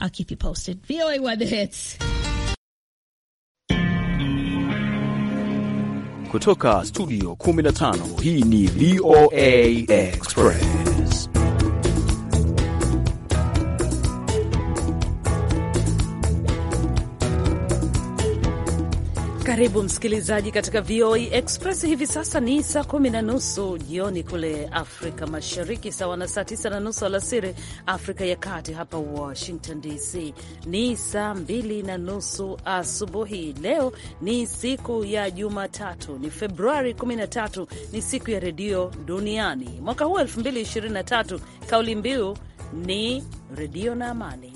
I'll keep you posted. VOA Weather Hits kutoka studio 15. Hii ni VOA Express. Karibu msikilizaji katika VOA e Express. Hivi sasa ni saa kumi na nusu jioni kule Afrika Mashariki, sawa na saa tisa na nusu alasiri Afrika ya Kati. Hapa Washington DC ni saa mbili na nusu asubuhi. Leo ni siku ya Jumatatu, ni Februari 13, ni siku ya redio duniani. Mwaka huu 2023 kauli mbiu ni redio na amani.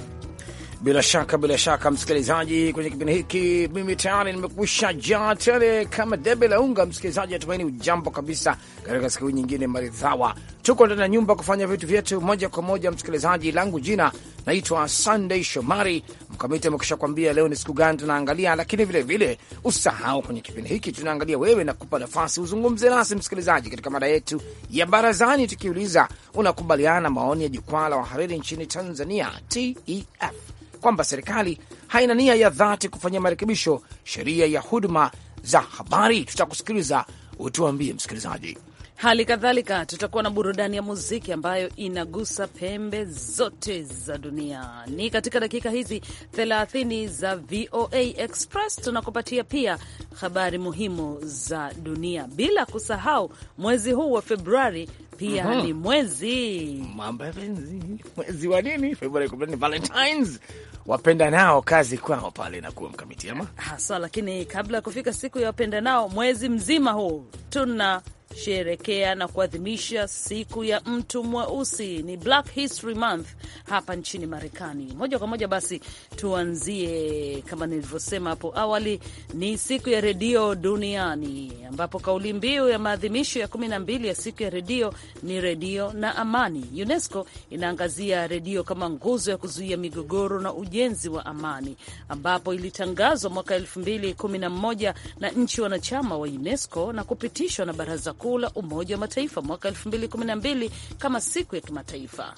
Bila shaka bila shaka, msikilizaji, kwenye kipindi hiki mimi tayari nimekusha jaa tele kama debe la unga. Msikilizaji, natumaini ujambo kabisa katika siku nyingine maridhawa. Tuko ndani ya nyumba kufanya vitu vyetu moja kwa moja. Msikilizaji langu jina naitwa Sunday Shomari Mkamiti. Amekisha kwambia leo ni siku gani tunaangalia, lakini vilevile usahau kwenye kipindi hiki tunaangalia wewe na kupa nafasi uzungumze nasi msikilizaji, katika mada yetu ya barazani, tukiuliza unakubaliana maoni ya jukwaa la wahariri nchini Tanzania TEF kwamba serikali haina nia ya dhati kufanyia marekebisho sheria ya huduma za habari. Tutakusikiliza utuambie msikilizaji. Hali kadhalika tutakuwa na burudani ya muziki ambayo inagusa pembe zote za dunia. Ni katika dakika hizi 30 za VOA Express tunakupatia pia habari muhimu za dunia, bila kusahau mwezi huu wa Februari pia mm -hmm. ni mwezi mambo ya penzi, mwezi wa nini? Februari ni Valentines, wapenda nao kazi kwao pale nakuwa mkamiti ama haswa. Lakini kabla ya kufika siku ya wapenda nao, mwezi mzima huu tuna kusherekea na kuadhimisha siku ya mtu mweusi, ni Black History Month hapa nchini Marekani. Moja kwa moja basi tuanzie, kama nilivyosema hapo awali, ni siku ya redio duniani, ambapo kauli mbiu ya maadhimisho ya 12 ya siku ya redio ni redio na amani. UNESCO inaangazia redio kama nguzo ya kuzuia migogoro na ujenzi wa amani, ambapo ilitangazwa mwaka 2011 na nchi wanachama wa UNESCO na kupitishwa na baraza Kuu la Umoja wa Mataifa mwaka 2012 kama siku ya kimataifa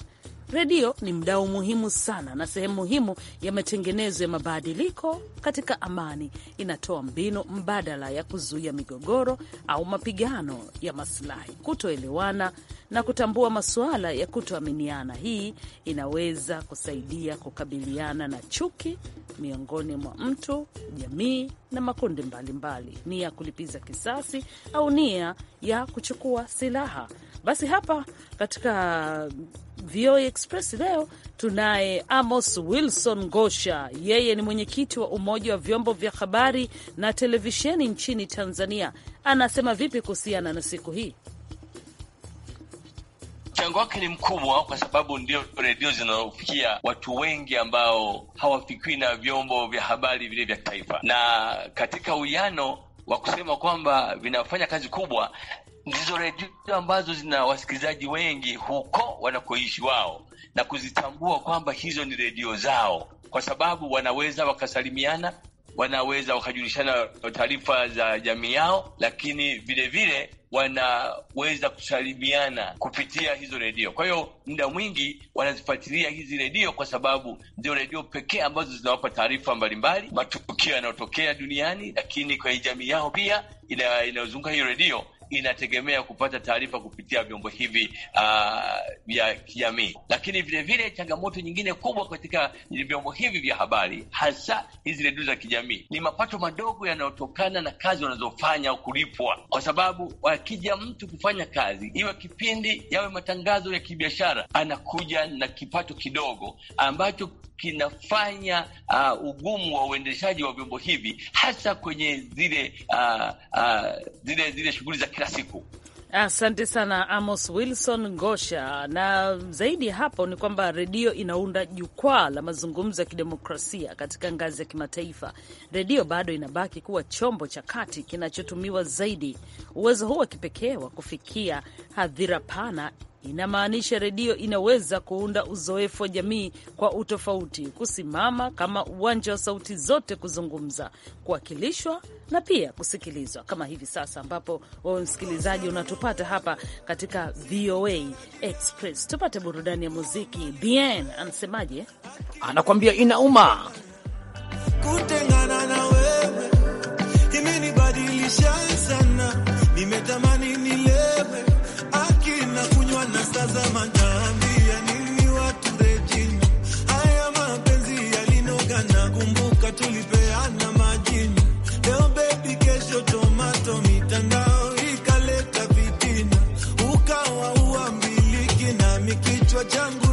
Redio ni mdao muhimu sana na sehemu muhimu ya matengenezo ya mabadiliko katika amani. Inatoa mbinu mbadala ya kuzuia migogoro au mapigano ya masilahi, kutoelewana na kutambua masuala ya kutoaminiana. Hii inaweza kusaidia kukabiliana na chuki miongoni mwa mtu, jamii na makundi mbalimbali, nia ya kulipiza kisasi au nia ya kuchukua silaha. Basi hapa katika VOA Express leo tunaye Amos Wilson gosha Yeye ni mwenyekiti wa Umoja wa Vyombo vya Habari na Televisheni nchini Tanzania. Anasema vipi kuhusiana na siku hii? Mchango wake ni mkubwa kwa sababu ndio redio zinazofikia watu wengi ambao hawafikiwi na vyombo vya habari vile vya taifa, na katika uwiano wa kusema kwamba vinafanya kazi kubwa ndizo redio ambazo zina wasikilizaji wengi huko wanakoishi wao, na kuzitambua kwamba hizo ni redio zao, kwa sababu wanaweza wakasalimiana, wanaweza wakajulishana taarifa za jamii yao, lakini vilevile wanaweza kusalimiana kupitia hizo redio. Kwa hiyo muda mwingi wanazifuatilia hizi redio kwa sababu ndio redio pekee ambazo zinawapa taarifa mbalimbali, matukio yanayotokea duniani, lakini kwenye jamii yao pia inayozunguka hiyo redio inategemea kupata taarifa kupitia vyombo hivi ah, vya uh, kijamii. Lakini vilevile changamoto nyingine kubwa katika vyombo hivi vya habari, hasa hizi redio za kijamii, ni mapato madogo yanayotokana na kazi wanazofanya au kulipwa, kwa sababu wakija mtu kufanya kazi, iwe kipindi, yawe matangazo ya kibiashara, anakuja na kipato kidogo ambacho kinafanya uh, ugumu wa uendeshaji wa vyombo hivi, hasa kwenye zile uh, uh, zile zile shughuli za kila siku. Asante sana Amos Wilson gosha Na zaidi ya hapo ni kwamba redio inaunda jukwaa la mazungumzo ya kidemokrasia katika ngazi ya kimataifa. Redio bado inabaki kuwa chombo cha kati kinachotumiwa zaidi. Uwezo huu wa kipekee wa kufikia hadhira pana inamaanisha redio inaweza kuunda uzoefu wa jamii kwa utofauti, kusimama kama uwanja wa sauti zote, kuzungumza, kuwakilishwa na pia kusikilizwa, kama hivi sasa ambapo wewe msikilizaji unatupata hapa katika VOA Express. Tupate burudani ya muziki. Bien anasemaje? Anakuambia inauma kutengana na wewe, imenibadilisha sana, nimetamani kutazama naambia nini watu rejini, haya mapenzi yalinoga, na kumbuka tulipeana majini, leo bebi, kesho tomato, mitandao ikaleta vitina, ukawaua miliki na mikichwa changu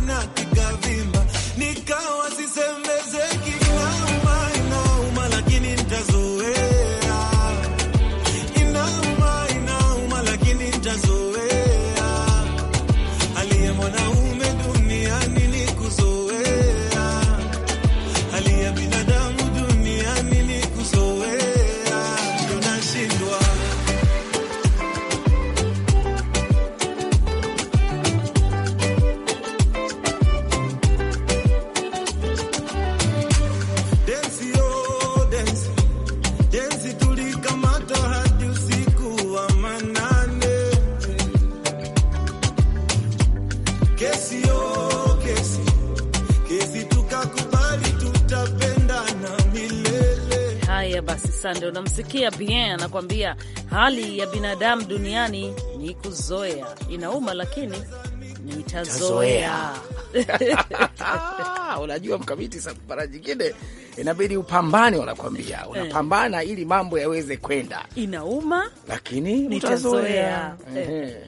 Julien anakuambia hali ya binadamu duniani ni kuzoea, inauma lakini nitazoea. Unajua mkamiti sabara nyingine inabidi upambane, wanakwambia eh. unapambana ili mambo yaweze kwenda. Inauma lakini nitazoea, eh.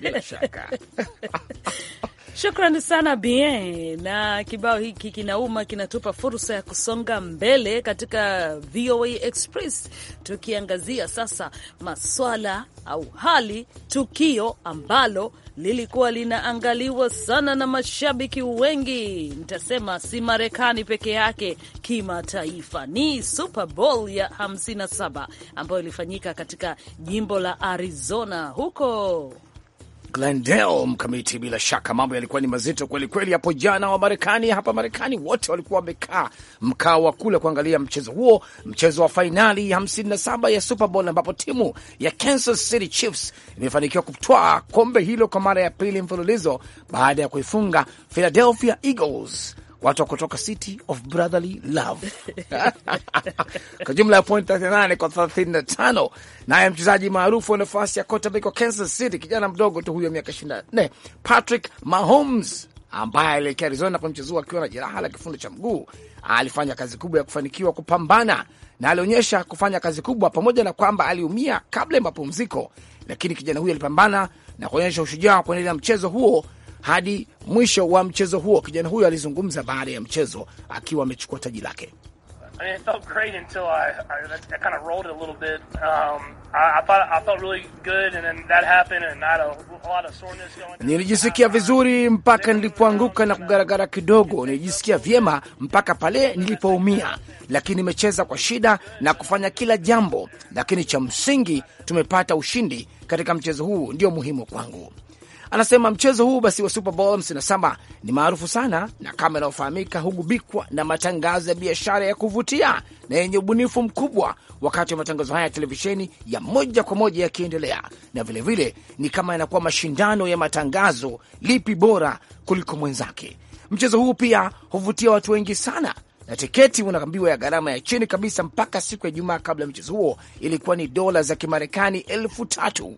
bila shaka Shukrani sana Bien, na kibao hiki kinauma, kinatupa fursa ya kusonga mbele katika VOA Express, tukiangazia sasa maswala au hali tukio ambalo lilikuwa linaangaliwa sana na mashabiki wengi, nitasema si Marekani peke yake, kimataifa. Ni Super Bowl ya 57 ambayo ilifanyika katika jimbo la Arizona huko Glendale mkamiti, bila shaka mambo yalikuwa ni mazito kweli kweli hapo jana wa Marekani. Hapa Marekani wote walikuwa wamekaa mkao wa kule kuangalia mchezo huo, mchezo wa fainali 57 ya Super Bowl ambapo timu ya Kansas City Chiefs imefanikiwa kutwaa kombe hilo kwa mara ya pili mfululizo baada ya kuifunga Philadelphia Eagles watu wa kutoka City of Brotherly Love kwa jumla ya point 38 kwa 35. Naye mchezaji maarufu wa nafasi ya quarterback wa Kansas City, kijana mdogo tu huyo, miaka 24, Patrick Mahomes ambaye alielekea Arizona kumchezua akiwa na jeraha la kifundo cha mguu, alifanya kazi kubwa ya kufanikiwa kupambana na alionyesha kufanya kazi kubwa, pamoja na kwamba aliumia kabla ya mapumziko, lakini kijana huyo alipambana na kuonyesha ushujaa wa kuendelea mchezo huo hadi mwisho wa mchezo huo. Kijana huyo alizungumza baada ya mchezo akiwa amechukua taji lake. Nilijisikia vizuri mpaka nilipoanguka na kugaragara kidogo. Nilijisikia vyema mpaka pale nilipoumia, lakini nimecheza kwa shida na kufanya kila jambo, lakini cha msingi tumepata ushindi katika mchezo huu, ndio muhimu kwangu. Anasema mchezo huu basi wa Super Bowl 57 ni maarufu sana na kama inayofahamika, hugubikwa na matangazo ya biashara ya kuvutia na yenye ubunifu mkubwa, wakati wa matangazo haya ya televisheni ya moja kwa moja yakiendelea, na vilevile vile, ni kama yanakuwa mashindano ya matangazo, lipi bora kuliko mwenzake. Mchezo huu pia huvutia watu wengi sana na tiketi unaambiwa ya gharama ya chini kabisa mpaka siku ya Jumaa kabla ya mchezo huo ilikuwa ni dola za Kimarekani elfu tatu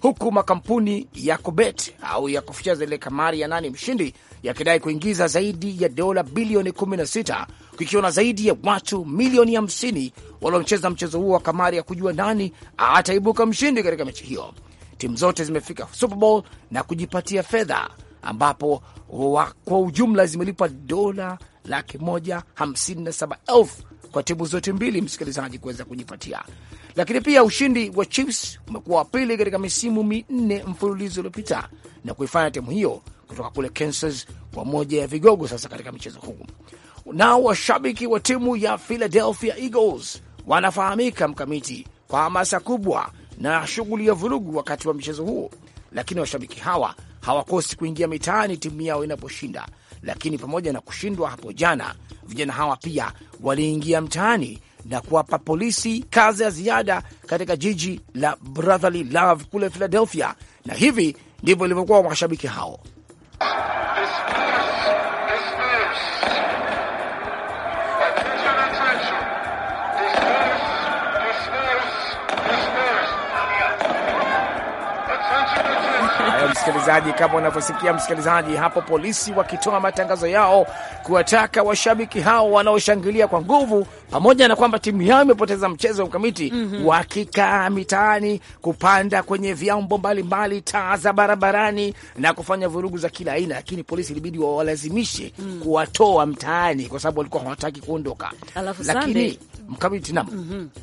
huku makampuni ya kubet au ya kuficha zile kamari ya nani mshindi yakidai kuingiza zaidi ya dola bilioni 16 kikiwa na zaidi ya watu milioni 50 waliocheza mchezo huo wa kamari ya kujua nani ataibuka mshindi katika mechi hiyo. Timu zote zimefika Super Bowl na kujipatia fedha, ambapo kwa ujumla zimelipwa dola laki moja hamsini na saba elfu kwa timu zote mbili, msikilizaji, kuweza kujipatia lakini pia ushindi wa Chiefs umekuwa wa pili katika misimu minne mfululizo uliopita na kuifanya timu hiyo kutoka kule Kansas kwa moja ya vigogo sasa katika mchezo huu. Nao washabiki wa timu ya Philadelphia Eagles wanafahamika mkamiti kwa hamasa kubwa na shughuli ya vurugu wakati wa mchezo huo, lakini washabiki hawa hawakosi kuingia mitaani timu yao inaposhinda. Lakini pamoja na kushindwa hapo jana, vijana hawa pia waliingia mtaani na kuwapa polisi kazi ya ziada katika jiji la Brotherly Love kule Philadelphia, na hivi ndivyo ilivyokuwa mashabiki hao. msikilizaji, kama unavyosikia msikilizaji hapo, polisi wakitoa matangazo yao kuwataka washabiki hao wanaoshangilia kwa nguvu, pamoja na kwamba timu yao imepoteza mchezo mkamiti, mm -hmm. wakikaa mitaani, kupanda kwenye vyombo mbalimbali, taa za barabarani na kufanya vurugu za kila aina, lakini polisi ilibidi wawalazimishe mm. kuwatoa mtaani kwa sababu walikuwa hawataki kuondoka, lakini mkamiti nam mm -hmm.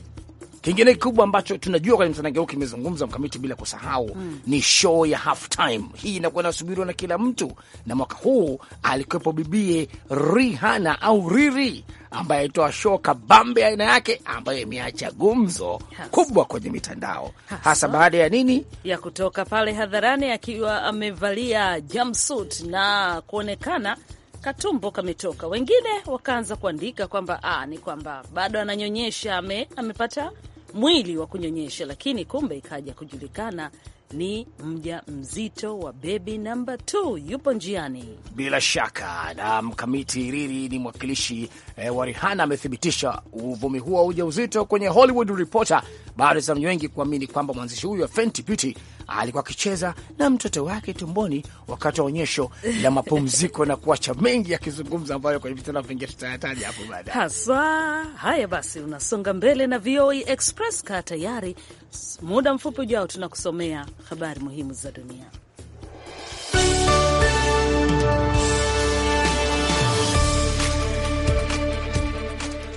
Kingine kikubwa ambacho tunajua kwenye mtandao kimezungumza mkamiti bila kusahau mm, ni show ya half time. Hii inakuwa inasubiriwa na kila mtu, na mwaka huu alikuwepo bibie Rihanna au Riri ambaye alitoa show kabambe aina yake ambayo imeacha gumzo hasa kubwa kwenye mitandao hasa, hasa baada ya nini ya kutoka pale hadharani akiwa amevalia jumpsuit na kuonekana katumbo kametoka, wengine wakaanza kuandika kwamba ah, ni kwamba bado ananyonyesha, ame, amepata mwili wa kunyonyesha, lakini kumbe ikaja kujulikana ni mja mzito wa bebi namba 2 yupo njiani bila shaka. Na mkamiti riri ni mwakilishi eh, wa Rihana amethibitisha uvumi huo wa uja uzito kwenye Hollywood Reporter baada ya watazamaji wengi kuamini kwamba mwanzishi huyu wa Fenty Beauty alikuwa akicheza na mtoto wake tumboni wakati wa onyesho la mapumziko na kuacha mengi yakizungumza ambayo kwenye vitendo vingine tutayataja hapo baadaye haswa. Haya basi, unasonga mbele na VOA e Express. Kaa tayari, muda mfupi ujao tunakusomea habari muhimu za dunia.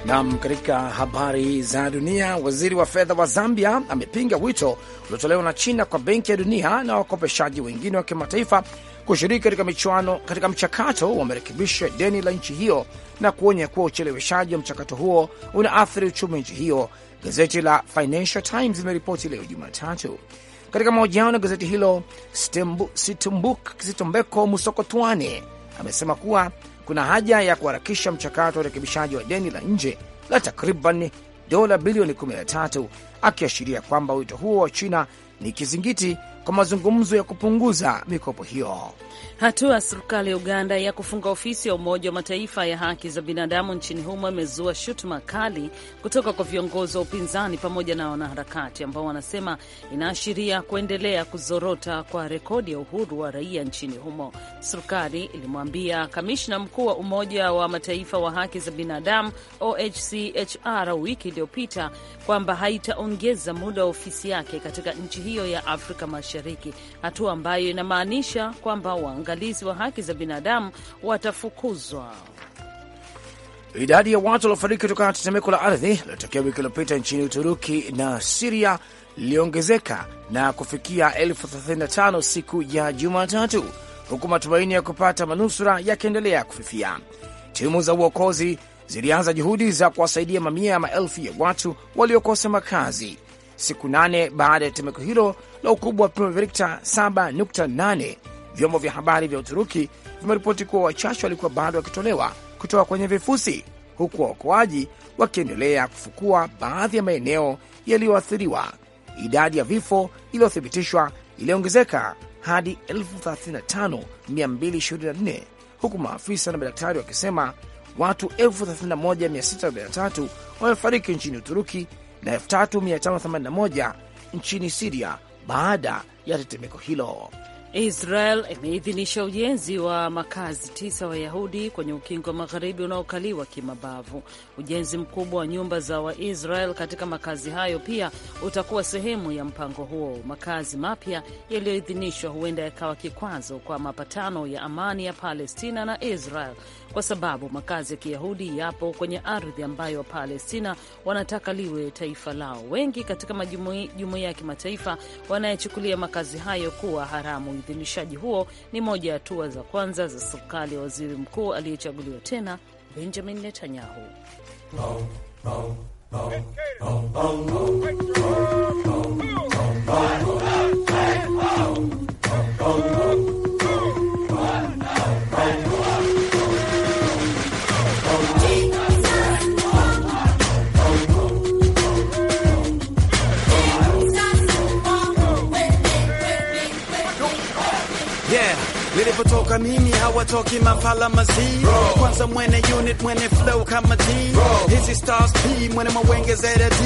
Nam, katika habari za dunia, waziri wa fedha wa Zambia amepinga wito uliotolewa na China kwa Benki ya Dunia na wakopeshaji wengine wa kimataifa kushiriki katika michuano katika mchakato wa marekebisho ya deni la nchi hiyo na kuonya kuwa ucheleweshaji wa mchakato huo unaathiri uchumi wa nchi hiyo, gazeti la Financial Times limeripoti leo Jumatatu. Katika mahojiano na gazeti hilo, Situmbeko Musokotwane amesema kuwa kuna haja ya kuharakisha mchakato wa urekebishaji wa deni la nje la takriban dola bilioni 13, akiashiria kwamba wito huo wa China ni kizingiti kwa mazungumzo ya kupunguza mikopo hiyo. Hatua ya serikali ya Uganda ya kufunga ofisi ya Umoja wa Mataifa ya haki za binadamu nchini humo imezua shutuma kali kutoka kwa viongozi wa upinzani pamoja na wanaharakati ambao wanasema inaashiria kuendelea kuzorota kwa rekodi ya uhuru wa raia nchini humo. Serikali ilimwambia kamishna mkuu wa Umoja wa Mataifa wa haki za binadamu OHCHR wiki iliyopita kwamba haitaongeza muda wa ofisi yake katika nchi hiyo ya Afrika Mashariki Mashariki, hatua ambayo inamaanisha kwamba waangalizi wa haki za binadamu watafukuzwa. Idadi ya watu waliofariki kutokana na tetemeko la ardhi lililotokea wiki iliyopita nchini Uturuki na Siria liliongezeka na kufikia elfu 35 siku ya Jumatatu, huku matumaini ya kupata manusura yakiendelea kufifia. Timu za uokozi zilianza juhudi za kuwasaidia mamia ya maelfu ya watu waliokosa makazi siku nane baada ya tetemeko hilo la ukubwa wa vipimo vya Rikta 7.8. Vyombo vya habari vya Uturuki vimeripoti kuwa wachache walikuwa bado wakitolewa kutoka kwenye vifusi, huku waokoaji wakiendelea kufukua baadhi ya maeneo yaliyoathiriwa. Idadi ya vifo iliyothibitishwa iliongezeka hadi 35224 huku maafisa na madaktari wakisema watu 31643 wamefariki nchini Uturuki na 3581 nchini Siria baada ya tetemeko hilo. Israel imeidhinisha ujenzi wa makazi tisa Wayahudi kwenye ukingo wa magharibi unaokaliwa kimabavu. Ujenzi mkubwa wa nyumba za Waisrael katika makazi hayo pia utakuwa sehemu ya mpango huo. Makazi mapya yaliyoidhinishwa huenda yakawa kikwazo kwa mapatano ya amani ya Palestina na Israel kwa sababu makazi ya Kiyahudi yapo kwenye ardhi ambayo Wapalestina wanataka liwe taifa lao. Wengi katika majumuiya ya kimataifa wanayechukulia makazi hayo kuwa haramu. Uidhinishaji huo ni moja ya hatua za kwanza za serikali ya waziri mkuu aliyechaguliwa tena Benjamin Netanyahu. oh, oh, oh, oh, oh, oh, oh, oh. ninapotoka mimi hawatoki mafala mazi kwanza, mwene unit mwene flow kama T hizi stars P mwene mawenge zera D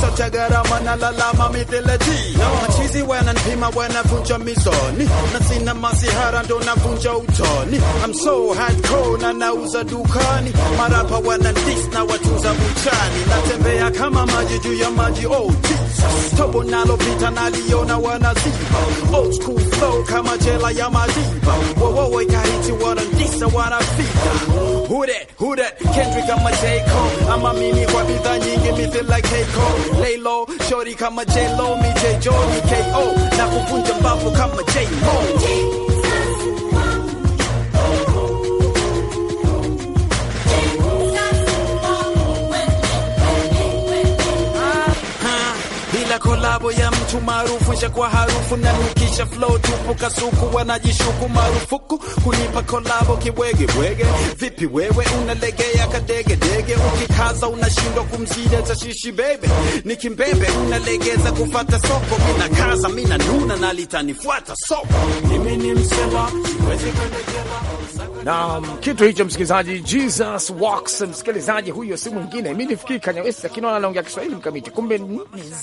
sote gharama na lalama mithile T wana machizi wananipima wanavunja mizoni na sina masihara ndo navunja utoni I'm so hardcore na nauza dukani marapa wanandis na watunza buchani natembea kama maji juu ya maji oh, tobo nalopita naliona wanaziba old school flow kama jela ya maziba Whoa, whoa, whoa! Wowowo wo, ikaitiwa rangisa warafika Who that, who that, Kendrick I'm ama J. Cole I'm Ama mimi kwa give me feel like K. Cole Lay low, shorty kama J. Lo, me J. Joe, mi K.O. Na kukunja mbavu kama J. Ho. Napenda kolabo ya mtu maarufu nje kwa harufu na nikisha flow tupu kasuku wanajishuku marufuku kunipa kolabo kibwege bwege Vipi wewe unalegea kadege dege, ukikaza unashindwa kumzida tashishi bebe, nikimbebe unalegeza kufata soko, kaza mina na litanifuata soko, mimi ni msela siwezi kulegela na kitu hicho msikilizaji, Jesus Walks. Msikilizaji huyo si mwingine, mi nifikiri Kanyawesi, lakini lakini anaongea Kiswahili mkamiti, kumbe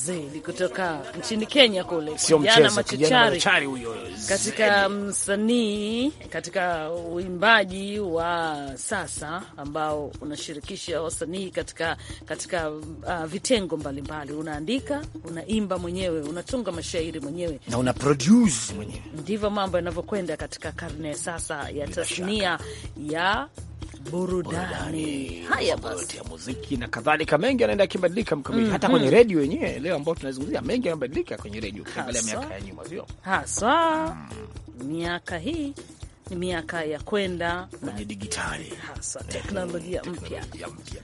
zeli kutoka nchini Kenya kule, sio mchezo. Kijana machachari huyo, katika msanii, katika uimbaji wa sasa ambao unashirikisha wasanii katika, katika uh, vitengo mbalimbali Unaandika, unaimba mwenyewe, unatunga mashairi mwenyewe na una produce mwenyewe. Ndivyo mambo yanavyokwenda katika karne sasa ya tasnia ya burudani haya basi ya muziki na kadhalika, mengi yanaenda yakibadilika mkamiti. mm -hmm. Hata kwenye mm. redio yenyewe leo ambao tunazungumzia mengi yanabadilika kwenye redio, ukiangalia miaka ya nyuma, sio haswa mm. miaka hii miaka ya kwenda kwenye digitali hasa eh, teknolojia mpya.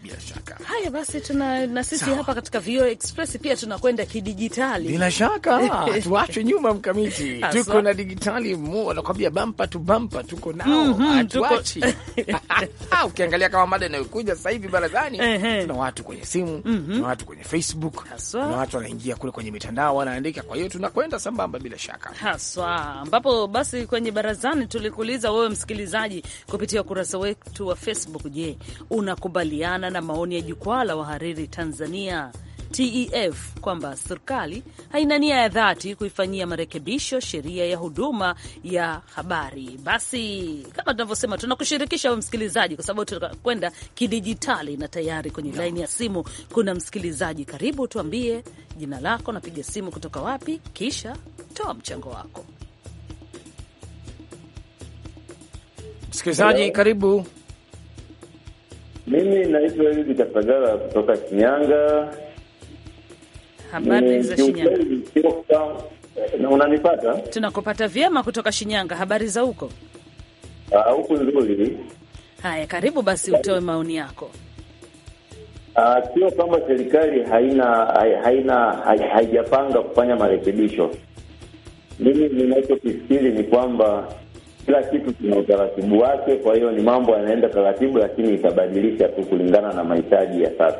Bila shaka haya basi, tuna na sisi hapa katika VO Express pia tunakwenda kidijitali bila shaka tuachwe nyuma mkamiti tuko na digitali mu wanakwambia bampa tu bampa, tuko nao mm -hmm, hatuachi ukiangalia kama mada inayokuja sasa hivi barazani tuna watu kwenye simu mm -hmm. tuna mhm. watu kwenye Facebook haswa. tuna watu wanaingia kule kwenye mitandao wanaandika, kwa hiyo tunakwenda sambamba bila shaka haswa, ambapo basi kwenye barazani tulikuli kukuuliza wewe msikilizaji kupitia ukurasa wetu wa Facebook. Je, unakubaliana na maoni ya jukwaa la wahariri Tanzania TEF kwamba serikali haina nia ya dhati kuifanyia marekebisho sheria ya huduma ya habari. Basi kama tunavyosema, tunakushirikisha we msikilizaji, kwa sababu tunakwenda kidijitali na tayari kwenye yeah, laini ya simu kuna msikilizaji. Karibu, tuambie jina lako, napiga simu kutoka wapi, kisha toa mchango wako. Msikilizaji karibu. Mimi naitwa Eli Kitafagara kutoka Shinyanga. Habari za Shinyanga? Eh, unanipata? Tunakupata vyema kutoka Shinyanga. Habari za huko ah, huku? Nzuri. Haya, karibu basi, utoe maoni yako. Ah, sio kwamba serikali haina haina haijapanga kufanya marekebisho. Mimi ninachokifikiri ni kwamba kila kitu kina utaratibu wake. Kwa hiyo ni mambo yanaenda taratibu, lakini itabadilisha tu kulingana na mahitaji ya sasa.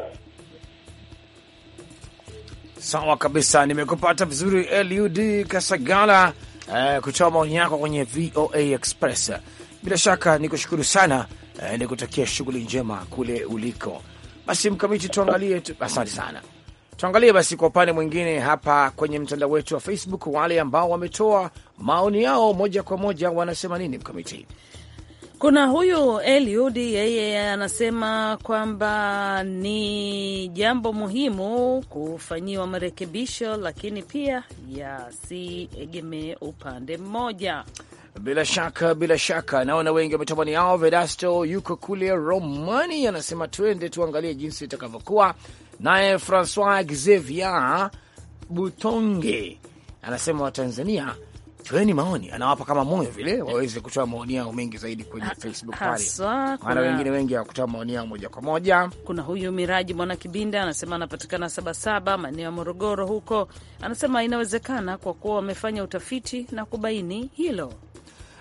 Sawa kabisa, nimekupata vizuri Eliud Kasagala eh, kutoa maoni yako kwenye VOA Express. Bila shaka ni kushukuru sana eh, ni kutakia shughuli njema kule uliko. Basi mkamiti, tuangalie tu. Asante sana. Tuangalie basi kwa upande mwingine hapa kwenye mtandao wetu wa Facebook, wale ambao wametoa maoni yao moja kwa moja wanasema nini? Mkamiti, kuna huyu Eliudi, yeye anasema kwamba ni jambo muhimu kufanyiwa marekebisho, lakini pia yasiegemee upande mmoja. Bila shaka, bila shaka, naona wengi wametoa maoni yao. Vedasto yuko kule Romani, anasema tuende tuangalie jinsi itakavyokuwa Naye Francois Xavier Butonge anasema Watanzania tueni maoni, anawapa kama moyo vile waweze kutoa maoni yao mengi zaidi kwenye ah, Facebook pale, maana wengine wengi hawakutoa maoni yao moja kwa moja. Kuna huyu Miraji Mwana Kibinda anasema anapatikana Sabasaba, maeneo ya Morogoro huko, anasema inawezekana kwa kuwa wamefanya utafiti na kubaini hilo.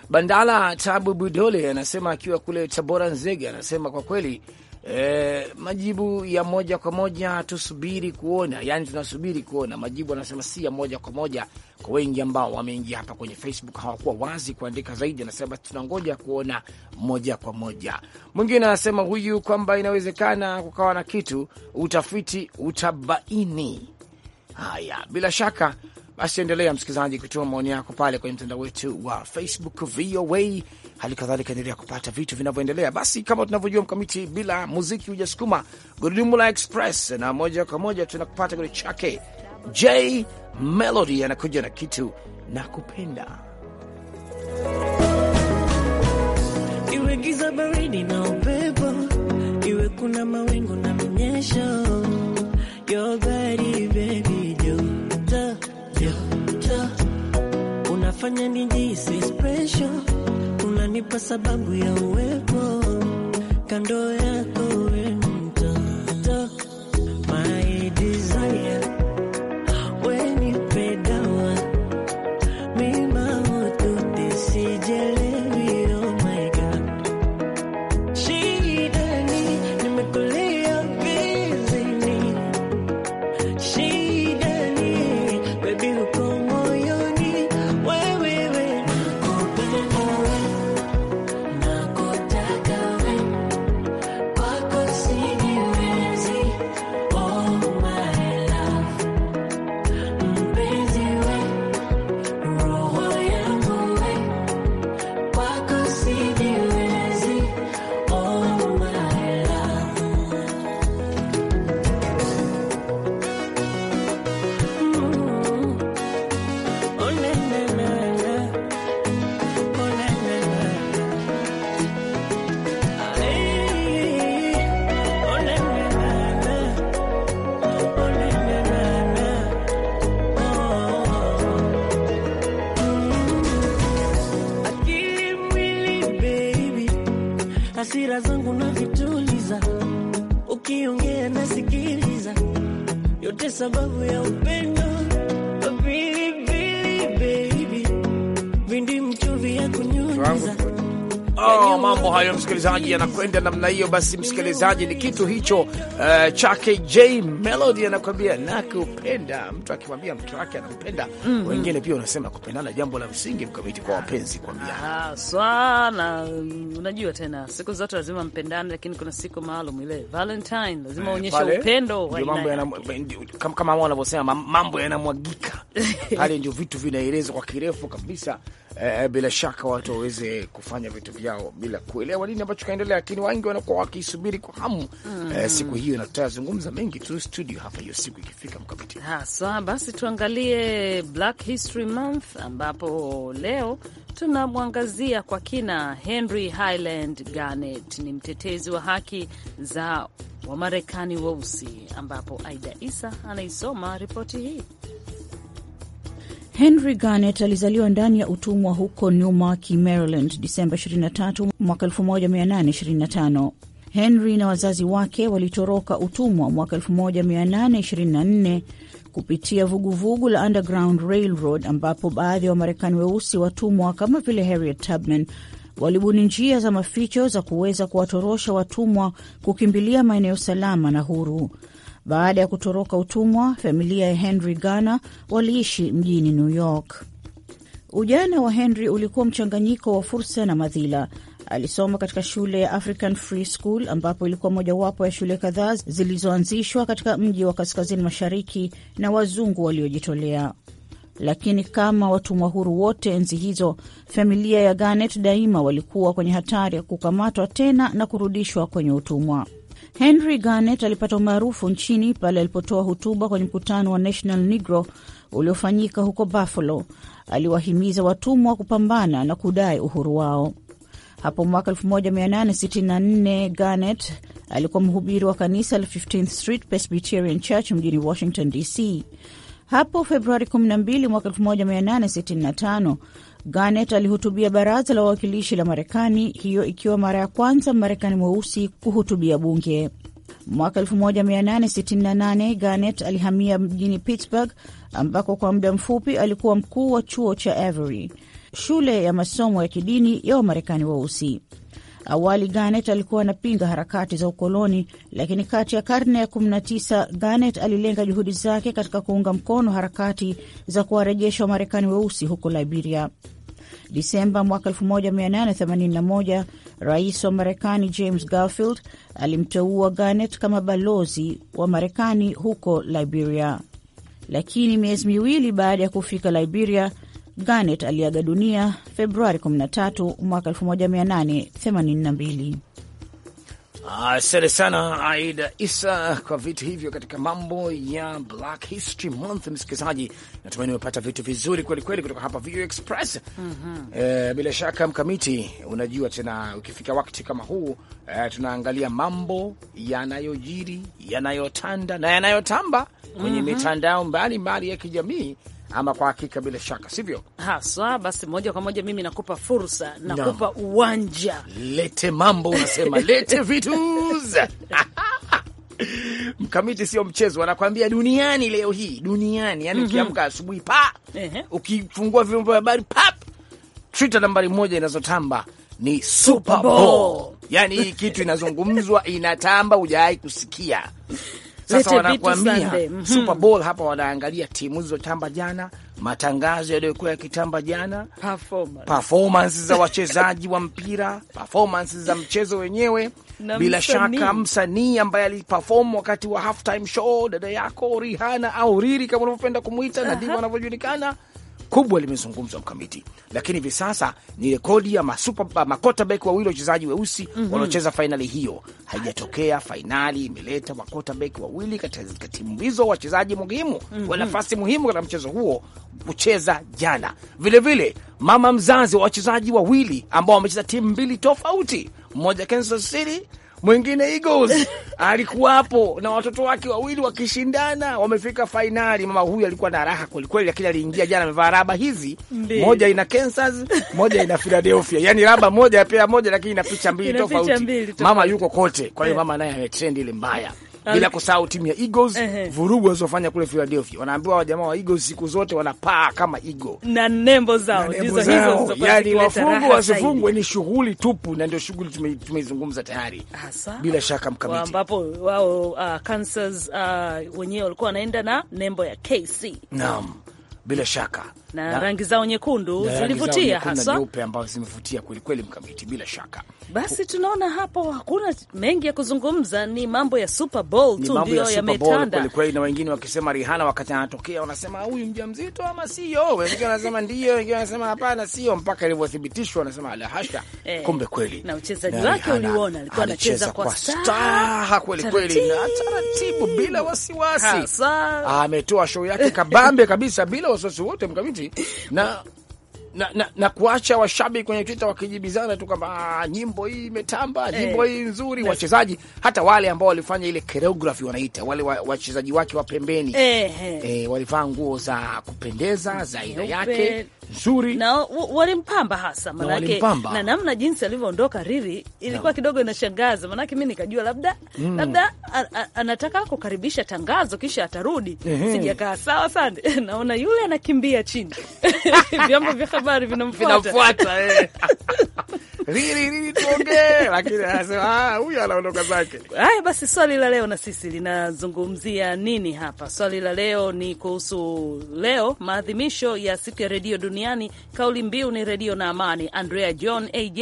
Bandala Tabu Budole anasema akiwa kule Tabora, nzege anasema kwa kweli E, majibu ya moja kwa moja tusubiri kuona, yani tunasubiri kuona majibu. Anasema si ya moja kwa moja kwa wengi ambao wameingia hapa kwenye Facebook, hawakuwa wazi kuandika zaidi. Anasema tunangoja kuona moja kwa moja. Mwingine anasema huyu kwamba inawezekana kukawa na kitu, utafiti utabaini haya. Bila shaka basi endelea msikilizaji kutoa maoni yako pale kwenye mtandao wetu wa Facebook VOA. Hali kadhalika endelea kupata vitu vinavyoendelea. Basi kama tunavyojua, Mkamiti, bila muziki hujasukuma gurudumu la Express, na moja kwa moja tunakupata kile chake J Melody anakuja na kitu na kupenda iwe giza baridi na upepo, iwe kuna mawingu na unanifanya nijisi special, unanipa sababu ya uwepo kando yako sababu ya upendo oh, oh, mambo hayo msikilizaji, yanakwenda namna hiyo. Basi msikilizaji, ni kitu hicho uh, eh, chake J Melody anakwambia nakupenda, mtu akimwambia mke wake anampenda. mm -hmm. Wengine pia unasema kupendana jambo la msingi mkamiti kwa wapenzi kuambiana ah, swana, Unajua tena siku zote lazima mpendane, lakini kuna siku maalum ile Valentine, lazima eh, uonyeshe upendo kama wanavyosema, mambo yanamwagika pale, ndio vitu vinaelezwa kwa kirefu kabisa Eh, eh, bila shaka watu waweze kufanya vitu vyao bila kuelewa nini ambacho kaendelea, lakini wengi wanakuwa wakisubiri kwa hamu mm. eh, siku hiyo, na tutayazungumza mengi tu studio hapa hiyo siku ikifika, mkabiti haswa. basi tuangalie Black History Month ambapo leo tunamwangazia kwa kina Henry Highland Garnet, ni mtetezi wa haki za Wamarekani weusi wa ambapo Aida Isa anaisoma ripoti hii. Henry Garnet alizaliwa ndani ya utumwa huko Newmark, Maryland, Disemba 23 mwaka 1825. Henry na wazazi wake walitoroka utumwa mwaka 1824 kupitia vuguvugu vugu la Underground Railroad, ambapo baadhi ya wa Wamarekani weusi watumwa kama vile Harriet Tubman walibuni njia za maficho za kuweza kuwatorosha watumwa kukimbilia maeneo salama na huru. Baada ya kutoroka utumwa, familia ya Henry Ghana waliishi mjini New York. Ujana wa Henry ulikuwa mchanganyiko wa fursa na madhila. Alisoma katika shule ya African Free School ambapo ilikuwa mojawapo ya shule kadhaa zilizoanzishwa katika mji wa kaskazini mashariki na wazungu waliojitolea. Lakini kama watumwa huru wote enzi hizo, familia ya Garnet daima walikuwa kwenye hatari ya kukamatwa tena na kurudishwa kwenye utumwa. Henry Garnet alipata umaarufu nchini pale alipotoa hotuba kwenye mkutano wa National Negro uliofanyika huko Buffalo. Aliwahimiza watumwa kupambana na kudai uhuru wao. Hapo mwaka 1864 Garnet alikuwa mhubiri wa kanisa la 15th Street Presbyterian Church mjini Washington DC. Hapo Februari 12 mwaka 1865 Garnett alihutubia baraza la wawakilishi la Marekani, hiyo ikiwa mara ya kwanza Mmarekani mweusi kuhutubia bunge. Mwaka 1868 Garnett alihamia mjini Pittsburgh, ambako kwa muda mfupi alikuwa mkuu wa chuo cha Avery, shule ya masomo ya kidini ya Wamarekani weusi Awali Garnett alikuwa anapinga harakati za ukoloni, lakini kati ya karne ya 19 Garnett alilenga juhudi zake katika kuunga mkono harakati za kuwarejesha Wamarekani weusi huko Liberia. Disemba mwaka 1881 rais wa Marekani James Garfield alimteua Garnet kama balozi wa Marekani huko Liberia, lakini miezi miwili baada ya kufika Liberia, Garnet aliaga dunia Februari 13 mwaka 1882. Ah, asante sana Aida Isa kwa vitu hivyo katika mambo ya Black History Month. Msikilizaji, natumaini umepata vitu vizuri kwelikweli kutoka hapa View Express. mm -hmm. E, bila shaka mkamiti, unajua tena ukifika wakati kama huu e, tunaangalia mambo yanayojiri yanayotanda na yanayotamba kwenye mm -hmm. mitandao mbalimbali ya kijamii ama kwa hakika, bila shaka, sivyo haswa? Basi moja kwa moja mimi nakupa fursa, nakupa no. uwanja, lete mambo unasema lete vitu Mkamiti sio mchezo, anakwambia duniani leo hii, duniani yani mm -hmm. Ukiamka asubuhi pa uh -huh. Ukifungua vyombo vya habari pap, Twitter nambari moja inazotamba ni Super Bowl. Yani hii kitu inazungumzwa inatamba, hujawahi kusikia sasa wanakuambia mm-hmm. Super Bowl hapa, wanaangalia timu zilizotamba jana, matangazo yaliyokuwa yakitamba jana, performance, performance za wachezaji wa mpira, performance za mchezo wenyewe na bila shaka msanii ambaye aliperform wakati wa halftime show, dada yako Rihanna au Riri kama unavyopenda kumwita na ndivyo anavyojulikana kubwa limezungumzwa mkamiti, lakini hivi sasa ni rekodi ya masupa makotabeki wawili wachezaji weusi mm -hmm. wanaocheza fainali hiyo. Haijatokea fainali imeleta makotabek wawili katika timu hizo, wachezaji muhimu mm -hmm. wa nafasi muhimu katika mchezo huo kucheza jana. Vilevile vile, mama mzazi wa wachezaji wawili ambao wamecheza timu mbili tofauti, mmoja Kansas City mwingine Eagles alikuwa hapo na watoto wake wawili wakishindana, wamefika fainali. Mama huyu alikuwa na raha kwelikweli, lakini aliingia jana, amevaa raba hizi mbili. Moja ina Kansas, moja ina Philadelphia, yani raba moja ya pea moja, lakini ina picha mbili tofauti. Mama yuko kote, kwa hiyo mama naye ametrend ile mbaya bila kusahau timu ya Eagles uh -huh. Vurugu walizofanya kule Philadelphia, wanaambiwa wajamaa wa Eagles siku zote wanapaa kama eagle na nembo zao, yani wafungwe wasifungwe ni shughuli tupu, na ndio shughuli tumeizungumza tayari bila shaka mkamiti, ambapo wao uh, Kansas uh, wenyewe walikuwa wanaenda na nembo ya KC. Naam, bila shaka na, na rangi zao nyekundu zilivutia hasa nyeupe ambazo zimevutia kweli kweli, mkamiti bila shaka. Basi tunaona hapo hakuna mengi ya kuzungumza, ni mambo ya Super Bowl tu ndio yametanda kweli kweli, na wengine wakisema Rihanna wakati anatokea wanasema huyu mjamzito ama sio, wengine wanasema ndio, wengine wanasema hapana, sio, mpaka ilivyothibitishwa wanasema la hasha, eh, kumbe kweli. Na uchezaji wake uliona, alikuwa anacheza kwa staha kweli kweli na taratibu bila wasiwasi, ametoa show yake kabambe kabisa bila wasiwasi wote mkamiti wakati na na, na, na kuacha washabiki kwenye Twitter wakijibizana tu kwamba ah, nyimbo hii imetamba, eh. nyimbo hii nzuri. Hey, eh. Wachezaji hata wale ambao walifanya ile choreography wanaita wale wa, wachezaji wake wa pembeni hey, eh, hey. Hey, walivaa nguo za kupendeza za aina yake nzuri na walimpamba hasa, manake na, na namna jinsi alivyoondoka Riri ilikuwa no. kidogo inashangaza, manake mi nikajua labda mm. labda a, a, anataka kukaribisha tangazo kisha atarudi. Sijakaa sawa sana, naona yule anakimbia chini vyombo vya habari habari vinamfuata eh. ah, huyu anaondoka zake. Haya basi, swali la leo na sisi linazungumzia nini hapa? Swali la leo ni kuhusu leo maadhimisho ya siku ya redio duniani, kauli mbiu ni redio na amani. Andrea John AJ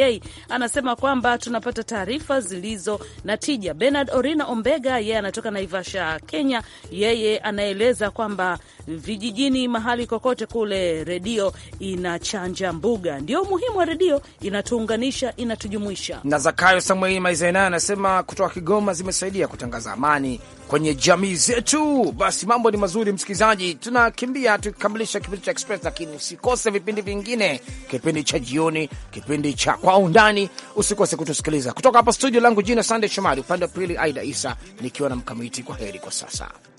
anasema kwamba tunapata taarifa zilizo na tija. Bernard Orina Ombega yeye anatoka Naivasha, Kenya, yeye anaeleza kwamba vijijini, mahali kokote kule, redio inachanja mbuga. Ndio umuhimu wa redio, inatuunganisha, inatujumuisha. Na Zakayo Samueli Maizaena anasema kutoka Kigoma, zimesaidia kutangaza amani kwenye jamii zetu. Basi mambo ni mazuri, msikilizaji, tunakimbia tukikamilisha kipindi cha Express, lakini usikose vipindi vingine, kipindi cha jioni, kipindi cha kwa undani. Usikose kutusikiliza kutoka hapa studio. Langu jina sandey Shomari, upande wa pili Aida Isa, nikiwa na Mkamiti. Kwa heri kwa sasa.